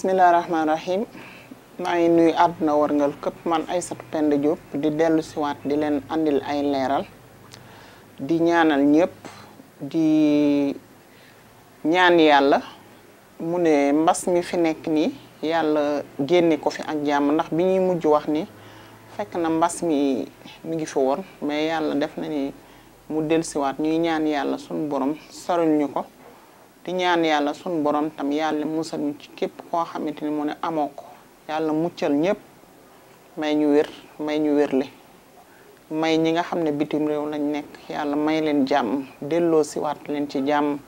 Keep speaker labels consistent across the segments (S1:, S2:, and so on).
S1: Bismillahirrahmanirrahim. may rahim aduna war ngal kep man Aysatu Penda Diop di ci wat di len andil ay leral di ñaanal ñepp di ñaan yalla mu ne mbas mi fi nek ni yalla genné ko fi ak jamm ndax bi mujj wax ni fekk na mbass mi mi ngi fi won mais yalla def na ni mu ci wat ñuy ñaan yalla borom ñuko di ñaan yàlla sun borom tam yàlla musal ñu ci képp koo xamante ni mu ne amoo ko yàlla muccal ñépp may ñu wér may ñu wérle may ñi nga xam ne bitim réew lañ nekk yàlla may leen jàmm delloo siwaat leen ci jàmm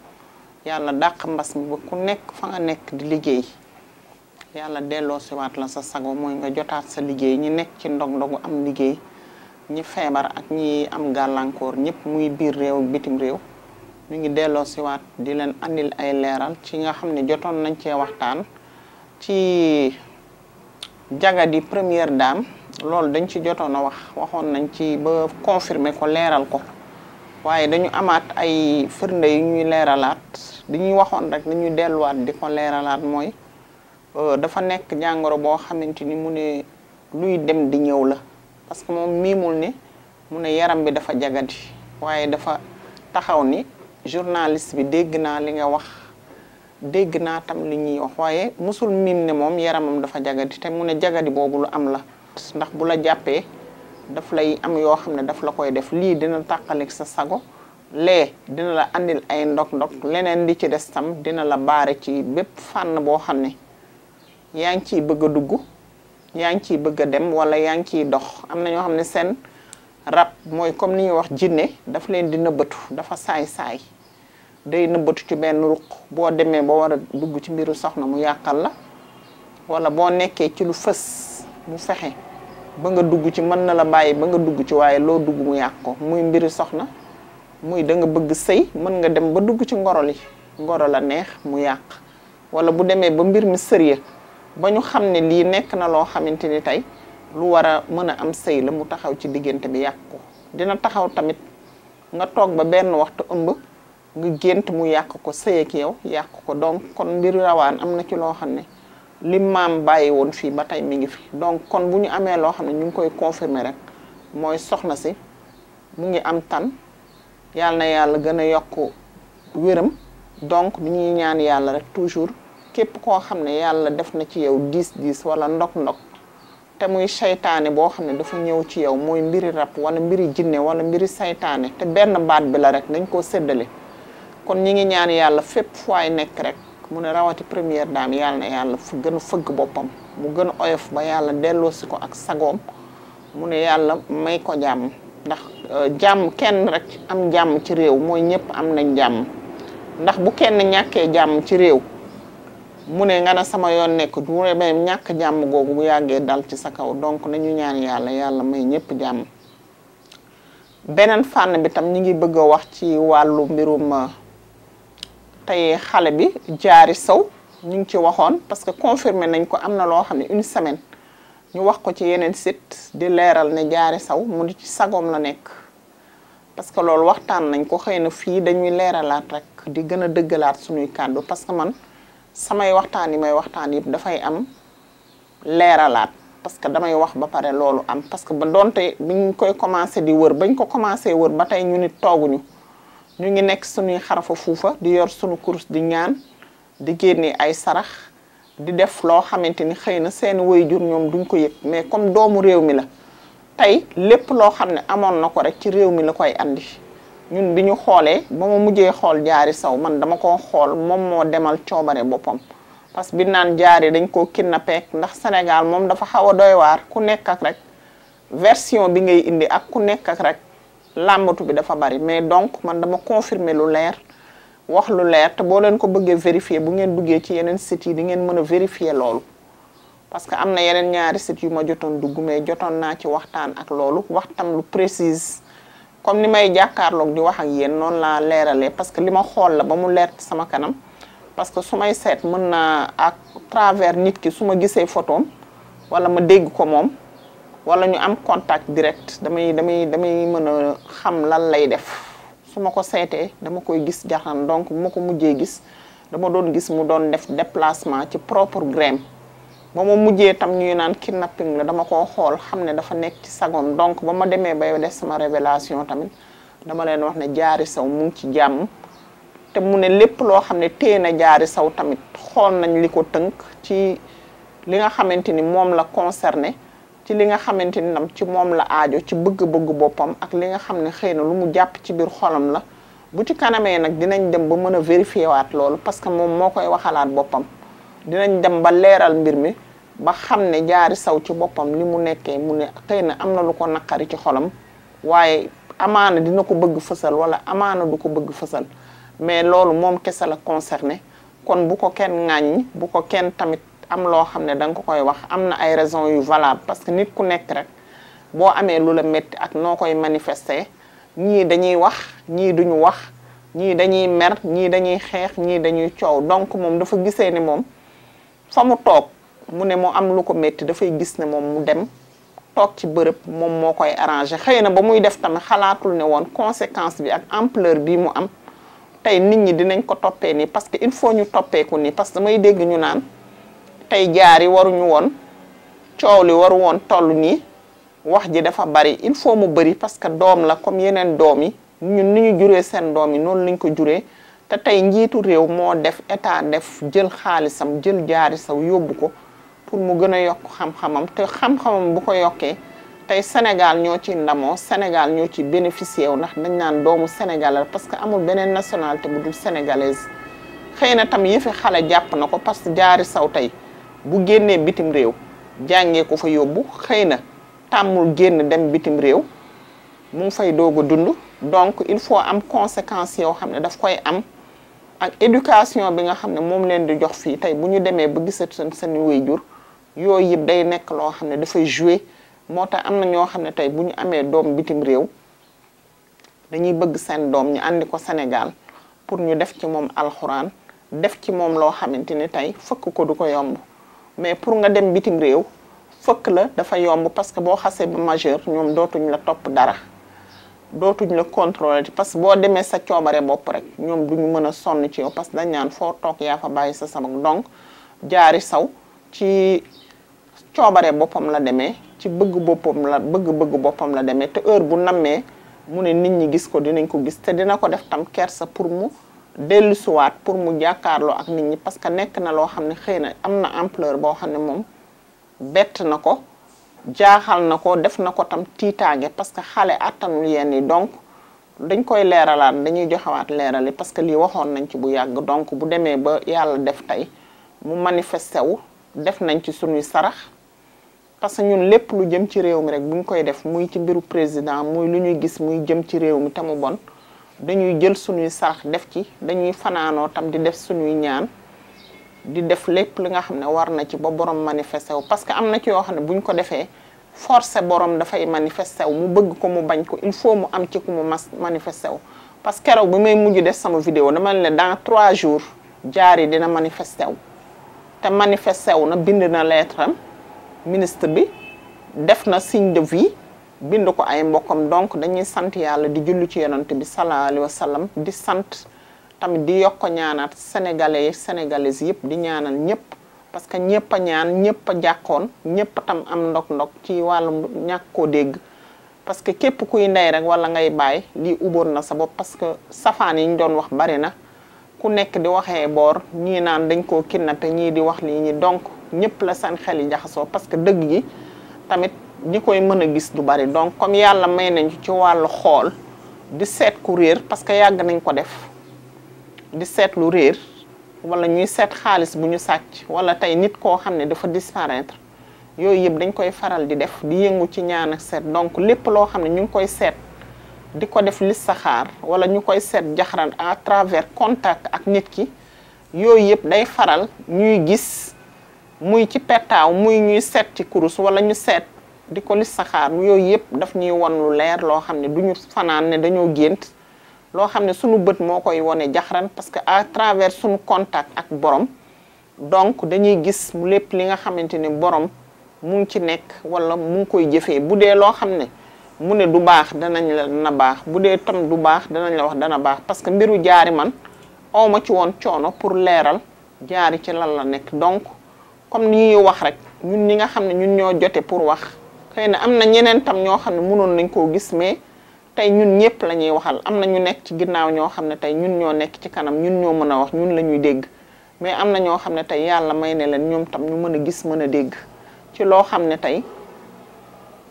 S1: yàlla dàq mbas mi ba ku nekk fa nga nekk di liggéey yàlla delloo siwaat la sa sago mooy nga jotaat sa liggéey ñi nekk ci ndog-ndogu am liggéey ñi feebar ak ñi am gàllankoor ñépp muy biir réew bitim réew mi ngi ci wat di leen andil ay leeral ci nga xam ne nañ ci waxtaan ci jaga di première dame loolu dañ ci jotoon a wax waxon nañ ci ba confirmer ko leeral ko waye dañu amaat ay firnde yu ñuy leeralaat dañuy waxon rek dañu wat di ko moy. euh dafa nek jangoro bo xamanteni mu ne luy dem di ñew la parce que mom mimul ne mu ne yaram bi dafa jagadi waye dafa taxaw ni journaliste bi dégg naa li nga wax dégg naa tam li ñuy wax waaye musul min ne moom yaramam dafa jagadi te mu ne jagadi boobu lu am la ndax bu la jàppee daf lay am yoo xam ne daf la koy def lii dina tàqalik sa sago lee dina la andil ay ndog-ndog leneen li ci des tam dina la baare ci bépp fànn boo xam ne yaa ngi ciy bëgg a dugg yaa bëgg dem wala yaa ngi ciy dox am na ñoo xam rab mooy comme ni ñuy wax jinne daf leen di nëbbatu dafa saay-saay day nëbbatu ci benn ruq boo demee ba war a dugg ci mbiru soxna mu yàqal la wala boo nekkee ci lu fës mu ba nga dugg ci mën na la bàyyi ba nga dugg ci waaye loo dugg mu yàq ko muy mbiru soxna muy da bëgg sëy mën nga dem ba dugg ci ngoro li ngoro la neex mu yàq wala bu demee ba mbir mi sérieux ba ñu xam ne lii nekk na loo xamante ni tey lu war a mën a am sëy la mu taxaw ci diggante bi yàq ko dina taxaw tamit nga toog ba benn waxtu ëmb nga gént mu yàq ko sëy ak yow yàq ko donc kon mbir rawaan am na ci loo xam ne li maam bàyyi woon fii ba tey mi ngi fi donc kon bu ñu amee loo xam ne ñu ngi koy confirmer rek mooy soxna si mu ngi am tan yàlla na yàlla gën a yokk wéram donc du ñuy ñaan yàlla rek toujours képp koo xam ne yàlla def na ci yow diis diis wala ndok ndok te muy seytaane boo xam ne dafa ñëw ci yow mooy mbiri rab wala mbiri jinne wala mbiri seytaane te benn baat bi la rek nañ koo séddale kon ñi ngi ñaan yàlla fépp waaye nekk rek mu ne rawati première dame yàlla na fu gën a fëgg boppam mu gën a oyof ba yàlla delloosi ko ak sagoom mu ne yàlla may ko jàmm ndax euh, jàmm kenn rek am jàmm ci réew mooy ñëpp am nañ jàmm ndax bu kenn ñàkkee jàmm ci réew mu ne nga ne sama yoon nekk mu ne même ñàkk jàmm googu mu yàggee dal ci sa kaw donc nañu ñaan yàlla yàlla may ñëpp jàmm beneen fànn bi tam ñu ngi bëgg a wax ci wàllu mbirum euh, tey xale bi jaari sow ñu ngi ci waxoon parce que confirmé nañ ko am na loo xam ne une semaine ñu wax ko ci yeneen sit di leeral ne jaari saw mu di ci sagoom la nekk parce que loolu waxtaan nañ ko xëy na fii dañuy leeralaat rek di gën a dëggalaat suñuy kàddu parce que man samay waxtaan yi may waxtaan yëpp dafay am leeralaat parce que damay wax ba pare loolu am parce que ba donte biñ koy commencé di wër bañ ko commencé wër ba tey ñu nit tooguñu ñu ngi nekk suñuy xarafa fuufa di yor suñu kurus di ñaan di génne ay sarax di def loo xamante ni xëy na seeni seen jur ñoom duñ ko yëg mais comme doomu réew mi la tey lépp loo xam ne amoon na ko rek ci réew mi la koy andi ñun bi ñu xoolee ba ma mujjee xool jaari saw man dama ko xool moom moo demal coobare boppam parce que bi naan jaari dañ koo kidnappé ndax Sénégal moom dafa xaw a doy waar ku nekk ak rek version bi ngay indi ak ku nekk rek làmbatu bi dafa bari mais donc man dama confirmer lu leer wax lu leer te boo leen ko bëggee vérifier bu ngeen duggee ci yeneen sites yi di ngeen mën a vérifier loolu parce que am na yeneen ñaari sites yu ma jotoon dugg mais jotoon naa ci waxtaan ak loolu waxtam lu précise comme ni may jàkkaarloog di wax ak yéen noonu laa leeralee parce que li ma xool la ba mu leer ci sama kanam parce que su may seet mën naa ak travers nit ki su ma gisee photoom wala ma dégg ko moom wala ñu am contact direct damay damay damay mën a xam lan lay def su ma ko seetee dama koy gis jaxan donc bu ma ko mujjee gis dama doon gis mu doon def déplacement ci propre grème ba ma mujjee tam ñuy naan kidnapping la dama koo xool xam ne dafa nekk ci sagom donc ba ma demee ba yow des sama révélation tamit dama leen wax ne jaari saw mu ci jàmm te mu ne lépp loo xam ne téye na jaari saw tamit xool nañ li ko tënk ci li nga xamante ni moom la concerné ci li nga xamante ni nam ci moom la aajo ci bëgg-bëgg boppam ak li nga xam ne xëy na lu mu jàpp ci biir xolam la bu ci kanamee nag dinañ dem ba mën a vérifier waat loolu parce que moom moo koy waxalaat boppam dinañ dem ba leeral mbir mi ba xam ne jaari saw ci boppam li mu nekkee mu ne xëy na am na lu ko naqari ci xolam waaye amaana dina ko bëgg fësal wala amaana du ko bëgg fësal mais loolu moom kese la concerné kon bu ko kenn ŋàññ bu ko kenn tamit am loo xam ne da nga ko koy wax am na ay raison yu valable parce que nit ku nekk rek boo amee lu la métti ak noo koy manifester ñii dañuy wax ñii duñu wax ñii dañuy mer ñii dañuy xeex ñii dañuy coow donc moom dafa gisee ni moom fa mu toog mu ne mu am lu ko métti dafay gis ne moom mu dem toog ci bërëb moom moo koy arrangé xëy na ba muy def tamit xalaatul ne woon conséquence bi ak empleur bi mu am tey nit ñi dinañ ko toppee nii parce que il faut ñu toppeeku nii parce que damay dégg ñu naan tey jaar yi waruñu woon coow li waru woon toll nii wax ji dafa bari il faut mu bari parce que doom la comme yeneen doom yi ñun ni ñu juree seen doom yi noonu lañ ko juree te tey njiitu réew moo def état def jël xaalisam jël jaari saw yóbbu ko pour mu gën a yokk xam-xamam te xam-xamam bu ko yokkee tey Sénégal ñoo ci ndamoo Sénégal ñoo ci bénéficier wu ndax dañ naan doomu sénégalais parce que amul beneen nationalité bu dul sénégalaise xëy na tam yëfi xale jàpp na ko parce que jaari saw tey bu génnee bitim réew jàngee ko fa yóbbu xëy na tàmmul génn dem bitim réew mu ngi fay doog dund donc il faut am conséquence yoo xam ne daf koy am ak éducation bi nga xam ne moom leen di jox fii tey bu ñu demee ba gisat seen seen wéyjur yooyu yëpp day nekk loo xam ne dafay jouer moo tax am na ñoo xam ne tey bu ñu amee doom bitim réew dañuy bëgg seen doom ñu àndi ko Sénégal pour ñu def ci moom alxuraan def ci moom loo xamante ni tey fëkk ko du ko yomb mais pour nga dem bitim réew fëkk la dafa yomb parce que boo xasee ba majeur ñoom dootuñ la topp dara dootuñ la contrôler parce que boo demee sa coobaree bopp rek ñoom ñu mën a sonn ci yow parce que dañ naan foo toog yaa fa bàyyi sa sabak donc jaari saw ci coobare boppam la demee ci bëgg boppam la bëgg-bëgg boppam la demee te heure bu namee mu ne nit ñi gis ko dinañ ko gis te dina ko def tam kersa pour mu dellusuwaat pour mu jàkkaarloo ak nit ñi parce que nekk na loo xam ne xëy na am na empleur boo xam ne moom bett na ko jaaxal na ko def na ko tam tiitaange parce que xale attanul yenn yi donc dañ koy leeralaat dañuy joxewaat leeral yi parce que lii waxoon nañ ci bu yàgg donc bu demee ba yàlla def tey mu manifesté wu def nañ ci suñuy sarax parce que ñun lépp lu jëm ci réew mi rek bu koy def muy ci mbiru président muy lu ñuy gis muy jëm ci réew mi tamu bon dañuy jël suñuy sarax def ci dañuy fanaanoo tam di def suñuy ñaan di def lépp li nga xam ne war na ci ba borom manifesté wu parce que am na ci yoo xam ne buñ ko defee forcé borom dafay manifesté wu mu bëgg ko mu bañ ko il faut mu am ci ku mu mas manifesté wu parce que keroog bi may mujj def sama vidéo dama ne dans trois jours jaar yi dina manifesté te manifesté wu na bind na lettre am ministre bi def na signe de vie bind ko ay mbokkam donc dañuy sant yàlla di jullu ci yonante bi sallallahu alayhi sallam di sant tamit di yokk ñaanaat sénégalais yi sénégalaises yëpp di ñaanal ñëpp parce que ñëpp a ñaan ñëpp a jàkkoon ñëpp tam am ndog-ndog ci wàllum ñàkk koo dégg parce que képp kuy ndey rek wala ngay bàyyi lii uboon na sa bopp parce que safaan yi ñu doon wax bari na ku nekk di waxee boor ñi naan dañ ko kidnappé ñii di wax lii ñi donc ñëpp la seen xel yi jaxasoo parce que dëgg yi tamit ñi koy mën a gis du bari donc comme yàlla may nañ ci wàllu xool di seet ku réer parce que yàgg nañ ko def di seetlu réer wala ñuy seet xaalis bu ñu sàcc wala tey nit koo xam ne dafa disparaître yooyu yëpp dañ koy faral di def di yëngu ci ñaan ak seet donc lépp loo xam ne ñu ngi koy seet di ko def listixaar wala ñu koy seet jaxaran à travers contact ak nit ki yooyu yëpp day faral ñuy gis muy ci pettaaw muy ñuy seet ci kurus wala ñu seet di ko listixaar yooyu yëpp dafa ñuy won lu leer loo xam ne duñu fanaan ne dañoo gént lo xamne suñu bëtt mo koy woné jaxran parce que à travers sunu contact ak borom donc dañuy gis mu lepp li nga xamanteni borom mu ngi ci nek wala mu ngi koy jëfé budé lo xamne mu né du baax danañ la dana baax budé tam du baax danañ la wax dana baax parce que mbiru jaari man awma ci won choono pour léral jaari ci lan la nek donc comme ni ñuy wax rek ñun ñi nga xamne ñun ño joté pour wax xeyna amna am na ñeneen tam ño xamne mënon nañ ko gis mais tey ñun ñëpp la ñuy waxal am na ñu nekk ci ginnaaw ñoo xam ne tey ñun ñoo nekk ci kanam ñun ñoo mën a wax ñun la ñuy dégg mais am na ñoo xam ne tey yàlla may ne leen ñoom tam ñu mën a gis mën a dégg ci loo xam ne tey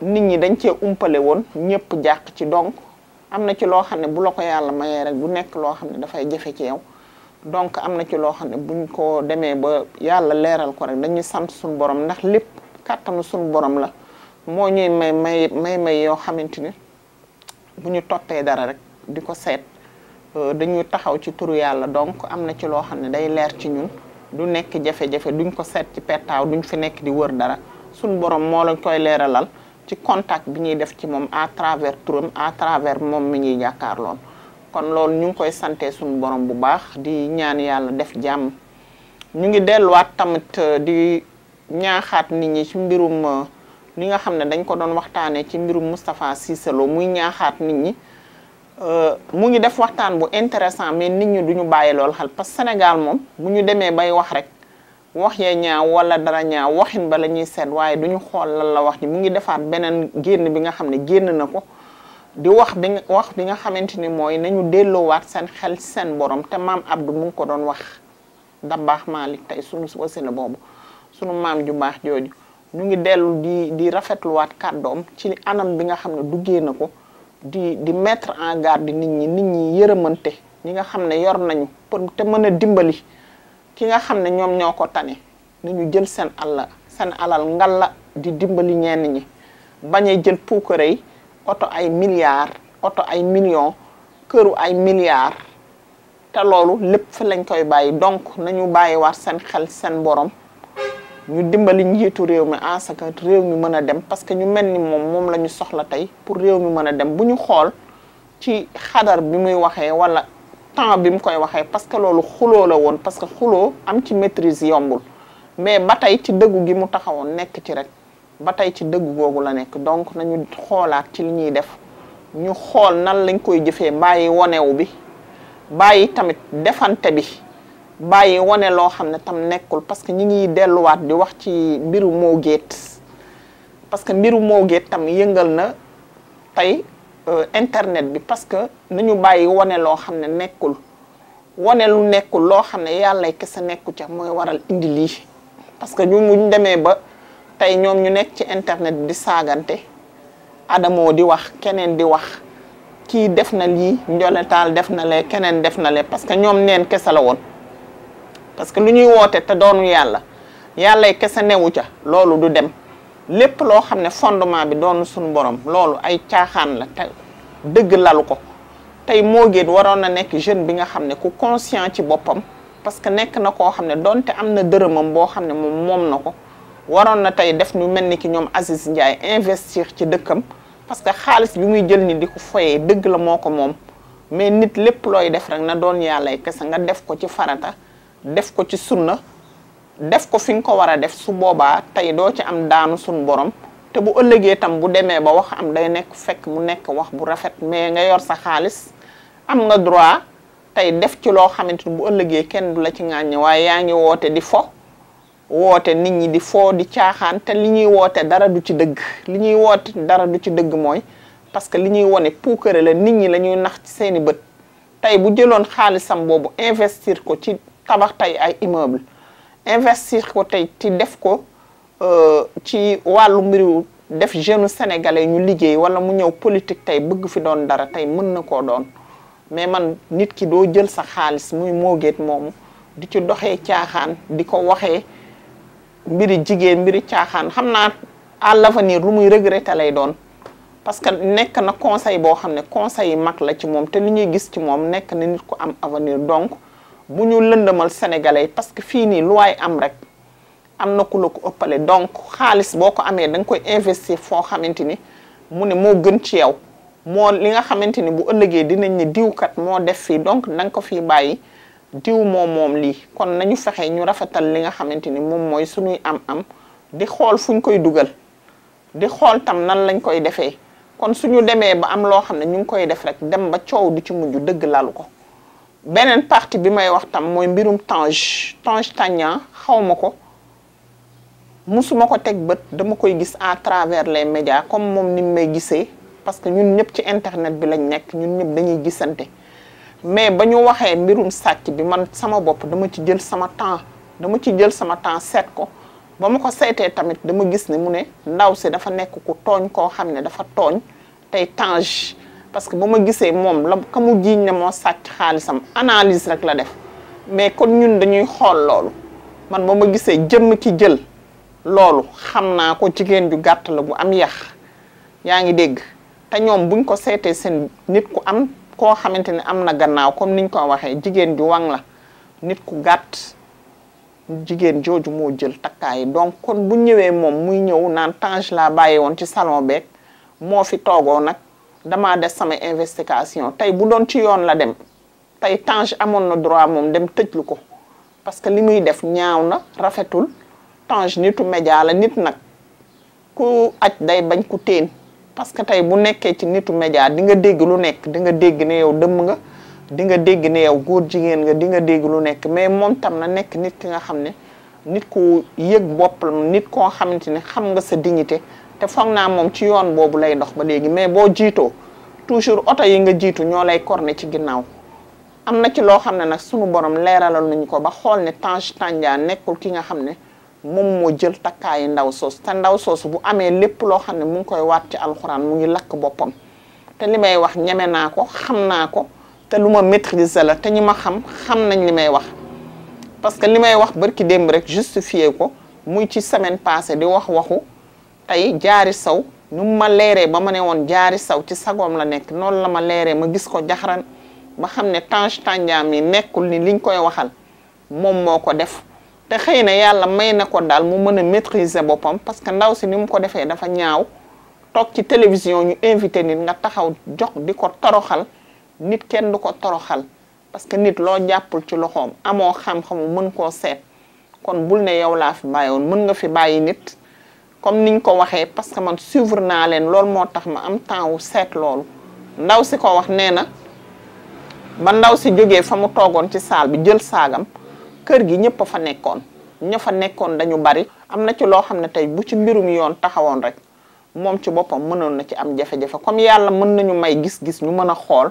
S1: nit ñi dañ cee umpale woon ñëpp jàq ci donc am na ci loo xam ne bu la ko yàlla mayee rek bu nekk loo xam ne dafay jafe ci yow donc am na ci loo xam ne buñ ko demee ba yàlla leeral ko rek dañuy sant suñu borom ndax lépp kàttanu suñu borom la moo ñuy may may may may yoo xamante ni bu ñu toppee dara rek di ko seet euh, dañuy taxaw ci turu yàlla donc am na ci loo xam ne day leer ci ñun du nekk jafe-jafe duñ ko seet ci pettaaw duñ fi nekk di wër dara suñ borom moo lañ koy leeralal ci contact bi ñuy def ci moom à travers turam à travers moom mi ñuy jàkkaarloon kon loolu ñu ngi koy sante suñu borom bu baax di ñaan yàlla def jàmm ñu ngi delluwaat tamit euh, di ñaaxaat nit ñi ci mbirum euh, li nga xam ne dañ ko doon waxtaanee ci mbirum Moustapha Cissé muy ñaaxaat nit ñi euh, mu ngi def waxtaan bu intéressant mais nit ñi duñu bàyyi lool xel parce que Sénégal moom bu ñu demee bay wax rek wax ya ñaaw wala dara waxin ba la ñuy seet waaye duñu xool lan la wax ni mu ngi defaat beneen génn bi nga xam ne génn na ko di wax bi wax bi nga xamante ni mooy nañu delloowaat seen xel seen borom te maam Abdou mu ngi ko doon wax da baax Malick tey sunu wasila boobu sunu maam ju baax jooju ñu ngi dellu di di rafetluwaat kàddoom ci anam bi nga xam ne duggee na ko di di mettre en garde nit ñi nit ñi yërëmante ñi nga xam ne yor nañu pour te mën a dimbali ki nga xam ne ñoom ñoo ko tane nañu ñu jël seen àll seen alal ngal la di dimbali ñenn ñi bañ a jël puukare yi oto ay milliards oto ay millions këru ay milliards te loolu lépp fi lañ koy bàyyi donc nañu bàyyiwaat seen xel seen borom. ñu dimbali njiitu réew mi asaka réew mi mën a dem parce que ñu mel ni moom moom la ñu soxla tey pour réew mi mën a dem bu ñu xool ci xadar bi muy waxee wala temps bi mu koy waxee parce que loolu xuloo la woon parce que xuloo am ci maîtrise yombul mais ba tey ci dëggu gi mu taxawoon nekk ci rek ba tey ci dëggu googu la nekk donc nañu xoolaat ci li ñuy def ñu xool nan lañ koy jëfee bàyyi wonewu bi bàyyi tamit defante bi bàyyi wane loo xam ne tam nekkul parce que ñi ngi delluwaat di wax ci mbiru moo géet parce que mbiru moo géet tam yëngal na tey euh, internet bi parce que ñu bàyyi wane loo xam ne nekkul wane lu nekkul loo xam ne yàlla kese nekku ca mooy waral indi lii parce que ñu demee ba tey ñoom ñu nekk ci internet bi di saagante Adamo di wax keneen di wax kii def na lii njoletaal def na le keneen def na le parce que ñoom neen kese la woon parce que lu ñuy woote te doonu yàlla yàllay kese newu ca loolu du dem lépp loo xam ne fondement bi doon suñu borom loolu ay caaxaan la te dëgg lalu ko tey moo gën waroon na nekk jeune bi nga xam ne ku conscient ci boppam parce que nekk na koo xam ne donte am na dërëmam boo xam ne moom moom na ko waroon na tey def ñu mel ni ki ñoom Aziz Ndiaye investir ci dëkkam parce que xaalis bi muy jël ni di ko foyee dëgg la moo ko moom mais nit lépp looy def rek na doon yàllay kese nga def ko ci farata def ko ci sunna def ko fi nga ko war a def su boobaa tey doo ci am daanu suñ borom te bu ëllëgee tam bu demee ba wax am day nekk fekk mu nekk wax bu rafet mais nga yor sa xaalis am nga droit tey def ci loo xamante ni bu ëllëgee kenn du la ci ŋàññi waaye yaa ngi woote di fo woote nit ñi di foo di caaxaan te li ñuy woote dara du ci dëgg li ñuy woote dara du ci dëgg mooy parce que li ñuy wone puukare la nit ñi la ñuy nax seeni bët tey bu jëloon xaalisam boobu investir ko ci tabax tey ay immeuble investir ko tey ci def ko euh, ci wàllu mbiru def jeune sénégalais ñu liggéey wala mu ñëw politique tey bëgg fi doon dara tey mën na koo doon mais man nit ki doo jël sa xaalis muy moogeet moomu di ci doxe caaxaan di ko waxee mbiri jigée mbiri caaxaan xam naa à l'avenir lu muy regretter lay doon parce que nekk na conseil boo xam ne conseil yi mag la ci moom te li ñuy gis ci moom nekk na nit ko am avenir donc bu ñu lëndamal sénégalais yi parce que fii nii lu waay am rek am na ku la ko ëppale donc xaalis boo ko amee da nga koy investir foo xamante ni mu ne moo gën ci yow moo li nga xamante ni bu ëllëgee dinañ ne diwkat moo def fii donc na ko fii bàyyi diw moom moom lii kon nañu fexe ñu rafetal li nga xamante ni moom mooy suñuy am-am di xool fuñ koy dugal di xool tam nan lañ koy defee kon suñu demee ba am loo xam ne ñu ngi koy def rek dem ba coow di ci mujj dëgg lalu ko beneen partie bi may wax tam mooy mbirum Tange Tange Tandian xaw ma ko musuma ko teg bët dama koy gis à travers les médias comme moom ni may gisee parce que ñun ñëpp ci internet bi lañ nekk ñun ñëpp dañuy gisante mais ba ñu waxee mbirum sàcc bi man sama bopp dama ci jël sama temps dama ci jël sama temps seet ko ba ma ko seetee tamit dama gis ni mu ne ndaw si dafa nekk ku tooñ koo xam ne dafa tooñ tey Tange parce que ba ma gisee moom la kamu mu jiiñ ne moo sàcc xaalisam analise rek la def mais kon ñun dañuy xool loolu man ba ma gisee jëmm ci jël loolu xam naa ko jigéen ju gàtt la bu am yax yaa ngi dégg te ñoom buñ ko seetee seen nit ku am koo xamante ne am na gannaaw comme niñ ko waxee jigéen ju waŋ la nit ku gàtt jigéen jooju moo jël takkaayi donc kon bu ñëwee moom muy ñëw naan Tange laa bàyyi woon ci salon beeg moo fi toogoo nag damaa des sama investigation tey bu doon ci yoon la dem tey Tange amoon na droit moom dem tëj lu ko parce que li muy def ñaaw na rafetul Tange nitu média la nit nag ku aj day bañ ku teen parce que tey bu nekkee ci nitu média di nga dégg lu nekk di nga dégg ne yow dëmm nga di nga dégg ne yow góor jigéen nga di nga dégg lu nekk mais moom tam na nekk nit ki nga xam ne nit ku yëg boppam nit koo xamante ne xam nga sa dignité te foog naa moom ci yoon boobu lay dox ba léegi mais boo jiitoo toujours oto yi nga jiitu ñoo lay corne ci ginnaaw am na ci loo xam ne nag sunu borom leeralal nañu ko ba xool ne Tange Tandian nekkul ki nga xam ne moom moo jël takkaayu ndaw soos te ndaw soosu bu amee lépp loo xam ne mu ngi koy waat ci alxuraan mu ngi lakk boppam te li may wax ñeme naa ko xam naa ko te lu ma maîtriser la te ñi ma xam xam nañ li may wax parce que li may wax bërki démb rek justifié ko muy ci semaine passée di wax waxu tey jaari saw nu ma leeree ba ma ne woon jaari saw ci sagoom la nekk noonu la ma leeree ma gis ko jaxaran ba xam ne Tange Tandian mi nekkul ni liñ koy waxal moom moo ko def te xëy na yàlla may na ko daal mu mën a maîtriser boppam parce que ndaw si ni mu ko defee dafa ñaaw toog ci télévision ñu invité nit nga taxaw jox di ko toroxal nit kenn du ko toroxal parce que nit loo jàppul ci loxoom amoo xam-xamu mën koo seet kon bul ne yow laa fi mën nga fi bàyyi nit comme niñ ko waxee parce que man suivre naa leen loolu moo tax ma am temps wu seet loolu ndaw si ko wax nee na ba ndaw si jógee fa mu toogoon ci saal bi jël saagam kër gi ñëpp a fa nekkoon ña fa nekkoon dañu bari am na ci loo xam ne tey bu ci mbirum yoon taxawoon rek moom ci boppam mënoon na ci am jafe-jafe comme yàlla mën nañu may gis-gis ñu mën a xool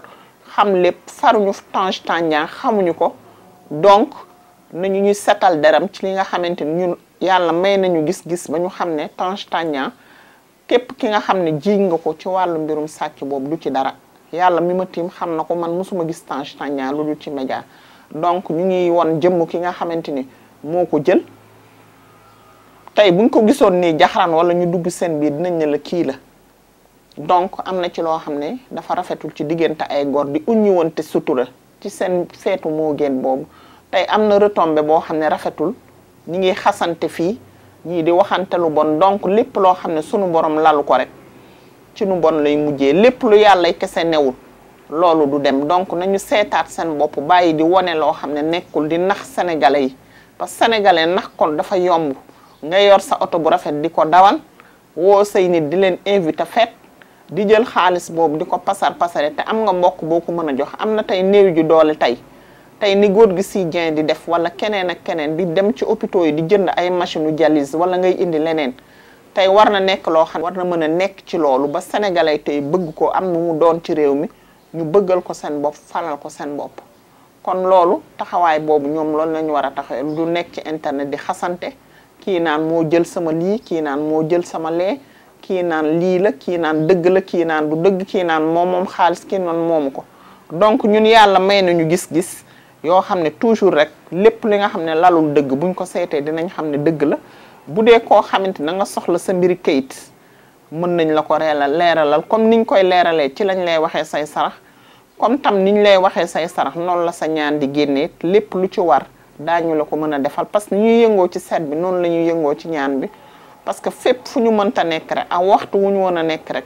S1: xam lépp faruñu tange tànjaan xamuñu ko donc nañu ñuy setal deram ci li nga xamante ñun yàlla may nañu gis-gis ba ñu xam ne Tange Tandian képp ki nga xam ne jiiñ nga ko ci wàllu mbirum sàcc boobu du ci dara yàlla mi ma tiim xam na ko man mosuma gis Tange Tandian lu dul ci média donc ñu ngi woon jëmm ki nga xamante ni moo ko jël tey buñ ko gisoon ni jaxaraan wala ñu dugg seen biir dinañ ne la kii la donc am na ci loo xam ne dafa rafetul ci diggante ay góor di uññi woon te sutura ci seen seetu moo gën boobu tey am na retombé boo xam ne rafetul ñu ngi xasante fii ñii di waxante lu bon donc lépp loo xam ne sunu borom lalu ko rek ci nu bon lay mujjee lépp lu yàlla kese newul loolu du dem donc nañu seetaat seen bopp bàyyi di wane loo xam ne nekkul di nax sénégalais yi parce que sénégalais nax kon dafa yomb nga yor sa oto bu rafet di ko dawal woo say nit di leen invité fête di jël xaalis boobu di ko pasar pasare te am nga mbokk boo ko mën a jox am na tey néew ju doole tey tey ni góor gi sidien di def wala keneen ak keneen di dem ci hôpitaux yi di jënd ay machine u jalise wala ngay indi leneen tey war na nekk loo xam war na mën a nekk ci loolu ba sénégalais tey bëgg ko am na mu doon ci réew mi ñu bëggal ko seen bopp falal ko seen bopp kon loolu taxawaay boobu ñoom loolu lañu war a taxawee du nekk ci internet di xasante kii naan moo jël sama lii kii naan moo jël sama lee kii naan lii la kii naan dëgg la kii naan du dëgg kii naan moom moom xaalis kii noonu moomu ko donc ñun yàlla may nañu gis-gis yoo xam ne toujours rek lépp li nga xam ne lalul dëgg buñ ko seetee dinañ xam ne dëgg la bu dee koo xamante na nga soxla sa mbiri kayit mën nañ la ko leeral leeralal comme niñ koy leeralee ci lañ lay waxee say sarax kom tam ni ñu lay waxee say sarax noonu la sa ñaan di génnee lépp lu ci war daañu la ko mën a defal parce que ñuy yëngoo ci seet bi noonu la ñuy yëngoo ci ñaan bi parce que fépp fu ñu mënta nekk rek ak waxtu wu ñu woon a nekk rek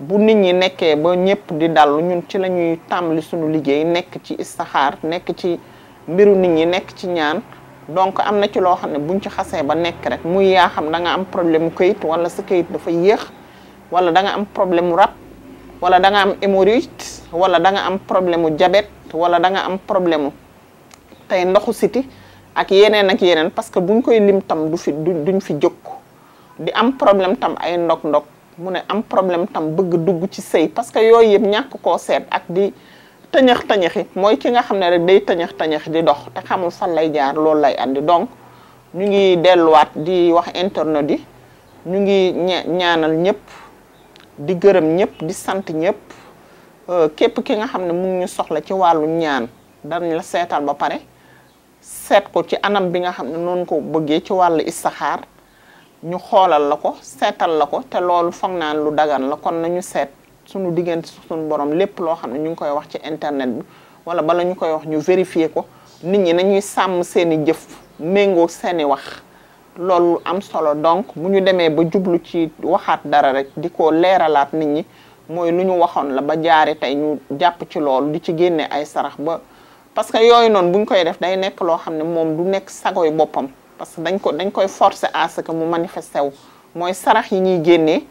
S1: bu nit ñi nekké ba ñepp di dallu ñun ci lañuy tamli suñu liggéey nekk ci istaxaar nekk ci mbiru nit ñi nekk ci ñaan donc am ci lo xam buñ ci xasee ba nekk rek muy ya xam da nga am problème keuyit wala sa keuyit dafa yeex wala da nga am problème rap, wala da nga am hémorroïde wala da nga am problème diabète wala da nga am problème tay ndoxu siti ak yenen ak yenen parce que buñ koy lim tam du fi duñ fi jokk di am problème tam ay ndok ndok mu ne am problème tam bëgg dugg ci sey parce que yoy yëpp ñak ko sét ak di tëñëx tëñëxi moy ki nga xam rek day tëñëx tëñëx di dox te xamul fan lay jaar lool lay andi donc ñu ngi wat di wax internet yi ñu ngi ñaanal ñëpp di gëreem ñëpp di sant ñëpp euh, képp ki nga ham mu ngi ñu soxla ci walu ñaan dañ la sétal ba paré set ko ci anam bi nga xam non ko bëggé ci walu istikhara ñu xoolal la ko seetal la ko te loolu foog naan lu dagan la kon nañu seet suñu diggante suñu borom lépp loo xam ne ñu ngi koy wax ci internet bi wala bala ñu koy wax ñu vérifier ko nit ñi nañuy sàmm seeni jëf méngoo seeni wax loolu am solo donc bu ñu demee ba jublu ci waxaat dara rek di ko leeralaat nit ñi mooy lu ñu waxoon la ba jaare tey ñu jàpp ci loolu di ci génne ay sarax ba parce que yooyu noonu bu ñu koy def day nekk loo xam ne moom du nekk sagoy boppam parce que dañ ko dañ koy forcer à ce mu manifester wu mooy sarax yi ñuy génne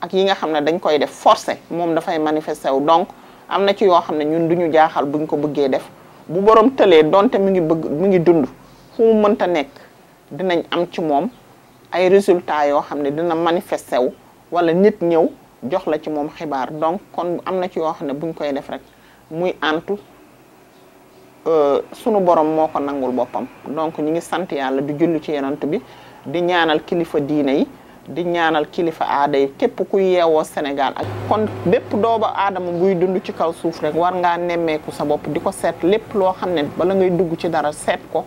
S1: ak yi nga xam ne dañ koy def forcer moom dafay manifester wu donc am na ci yoo xam ne ñun duñu ñu bu ñu ko bëggee def bu borom tëlee donte mi ngi bëgg mi ngi dund fu mu mënta nekk dinañ am ci moom ay résultats yoo xam ne dina manifester wu wala nit ñëw jox la ci moom xibaar donc kon am na ci yoo xam ne buñ koy def rek muy antu Euh, sunu borom moo ko nangul boppam donc ñu ngi sant yàlla di julli ci yenant bi di ñaanal kilifa diine yi di ñaanal kilifa aada yi képp ku yeewoo Sénégal ak kon bépp doomu aadama buy dund ci kaw suuf rek war ngaa nemmeeku sa bopp di ko seet lépp loo xam ne bala ngay dugg ci dara seet ko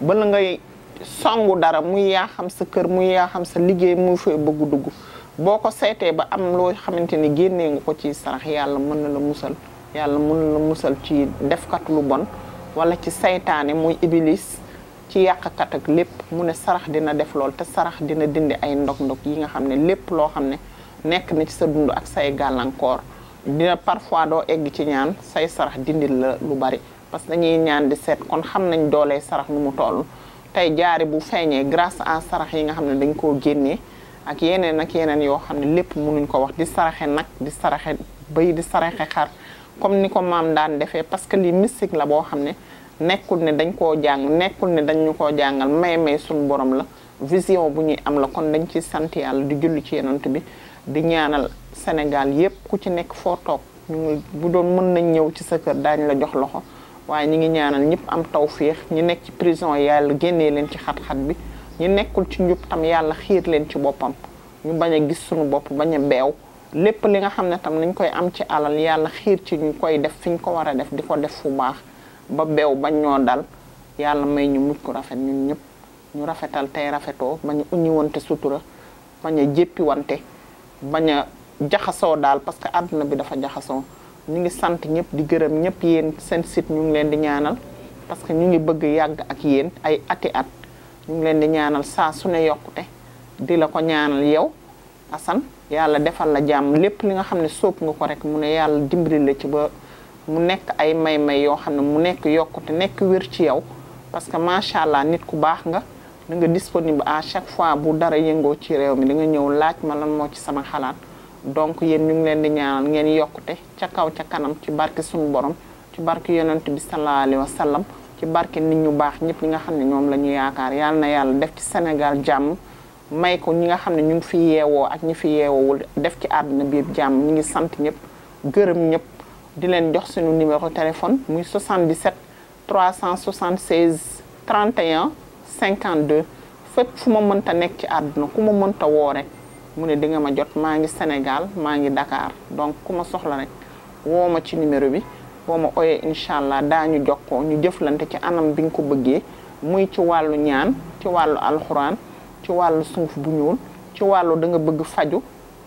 S1: bala ngay songu dara muy yaa xam sa kër muy yaa xam sa liggéey muy fay bëgg dugg boo ko seetee ba am loo xamante ni génnee nga ko ci sarax yàlla mën na la musal yàlla mën musal ci defkat bon wala ci seytaane muy ibilis ci yàqkat ak lépp mu ne sarax dina def lool te sarax dina dindi ay ndog-ndog yi nga xam ne lépp loo xam ne nekk na ci sa dund ak say gàllankoor dina parfois doo egg ci ñaan say sarax dindil la lu bari parce que dañuy ñaan di seet kon xam nañ doolee sarax nu mu toll tey jaari bu feeñee grace à sarax yi nga xam ne dañ koo génnee ak yeneen ak yeneen yoo xam ne lépp nuñ ko wax di saraxe nag di saraxe bëy di saraxe xar comme ni ko maam daan defee parce que lii mystique la boo xam ne nekkul ne dañ koo jàng nekkul ne dañ koo jàngal may may suñu borom la vision bu ñuy am la kon dañ ci sant yàlla di julli ci yonent bi di ñaanal Sénégal yépp ku ci nekk foo toog ñu bu doon mën nañ ñëw ci sa kër daañu la jox loxo waaye ñi ngi ñaanal ñëpp am tawféex ñi nekk ci prison yàlla génnee leen ci xat-xat bi ñi nekkul ci njub tam yàlla xiir leen ci boppam ñu bañ a gis suñu bopp bañ a beew lépp li nga xam ne tam nañ koy am ci alal yàlla xiir ci ñu koy def fi ñu ko war a def di ko def fu baax ba beew bañ ñoo dal yàlla may ñu mujj ku rafet ñu ñëpp ñu rafetal tey rafetoo bañ a uñiwante sutura bañ a jéppiwante bañ jaxasoo daal parce que àdduna bi dafa jaxasoo ñu ngi sant ñëpp di gërëm ñëpp yéen seen site ñu ngi leen di ñaanal parce que ñu ngi bëgg yàgg ak yéen ay ati at ñu ngi leen di ñaanal saa su ne yokkute di la ko ñaanal yow Assane yàlla defal la jàmm lépp li nga xam ne sóob nga ko rek mu ne yàlla dimbali la ci ba mu nekk ay may-may yoo xam ne mu nekk yokkute nekk wér ci yow parce que macha allah nit ku baax nga da nga disponible à chaque fois bu dara yëngoo ci réew mi da nga ñëw laaj ma lan moo ci sama xalaat donc yéen ñu ngi leen di ñaanal ngeen yokkute ca kaw ca kanam ci barke suñu borom ci barke yonent bi sallallahu alayhi wa sallam ci barke nit ñu baax ñëpp ñi nga xam ne ñoom la ñu yaakaar yàlla na yàlla def ci Sénégal jàmm. may ko ñi nga xam ne ñu ngi fi yeewoo ak ñi fi yeewoowul def ci àdduna bi jàmm ñu ngi sant ñëpp gërëm ñëpp di leen jox suñu numéro téléphone muy 77 376 31 52 fépp fu ma mënta nekk ci àdduna ku ma mënta woo rek mu ne di nga ma jot maa ngi Sénégal maa ngi Dakar donc ku ma soxla rek woo ma ci numéro bi boo ma oyee incha allah daañu jokkoo ñu jëflante ci anam bi nga ko bëggee muy ci wàllu ñaan ci wàllu alxuraan. ci walu suuf bu ñuul ci walu da nga bëgg faju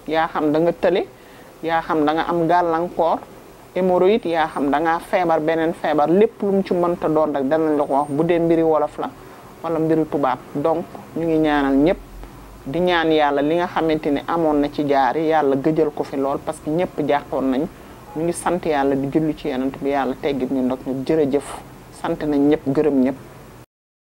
S1: ya xam da nga tële ya xam da nga am gàllankoor hémorroïde ya xam da nga fièvre benen fièvre lepp lu mu ci mënta doon rek danañ la ko wax bu dé mbiri wolof la wala mbiri tubaab donc ñu ngi ñaanal ñepp di ñaan yalla li nga xamanteni amon na ci jaari yalla gëjël ko fi lool parce que ñepp jaxoon nañ ñu ngi sante yalla di jullu ci bi yalla teggit ñu ñu jërëjëf sante nañ ñepp gëreem ñepp